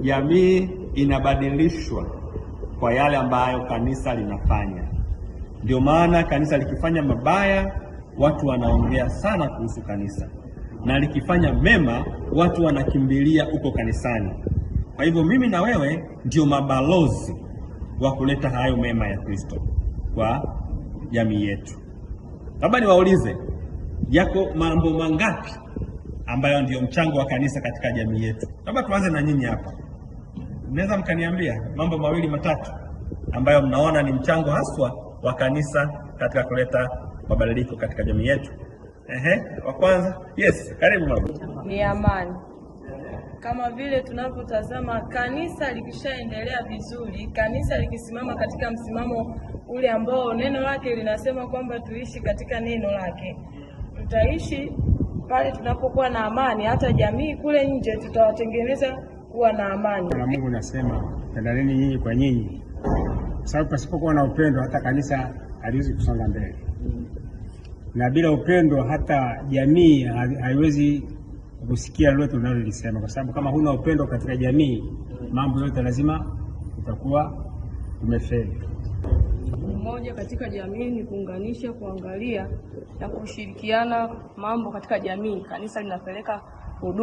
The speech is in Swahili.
Jamii inabadilishwa kwa yale ambayo kanisa linafanya. Ndio maana kanisa likifanya mabaya, watu wanaongea sana kuhusu kanisa, na likifanya mema, watu wanakimbilia huko kanisani. Kwa hivyo mimi na wewe ndio mabalozi wa kuleta hayo mema ya Kristo kwa jamii yetu. Labda niwaulize, yako mambo mangapi ambayo ndiyo mchango wa kanisa katika jamii yetu? Labda tuanze na nyinyi hapa mnaweza mkaniambia mambo mawili matatu ambayo mnaona ni mchango haswa wa kanisa katika kuleta mabadiliko katika jamii yetu? Ehe, wa kwanza. Yes, karibu mama. Ni amani. Kama vile tunavyotazama kanisa likishaendelea vizuri, kanisa likisimama katika msimamo ule ambao neno lake linasema kwamba tuishi katika neno lake, tutaishi pale tunapokuwa na amani. Hata jamii kule nje tutawatengeneza kuwa na amani. Na Mungu nasema pendaleni nyinyi kwa nyinyi, sababu pasipokuwa na upendo hata kanisa haliwezi kusonga mbele, na bila upendo hata jamii haiwezi kusikia lolote unalolisema, kwa sababu kama huna upendo katika jamii, mambo yote lazima utakuwa umefeli. Umoja katika jamii ni kuunganisha, kuangalia na kushirikiana mambo katika jamii. Kanisa linapeleka huduma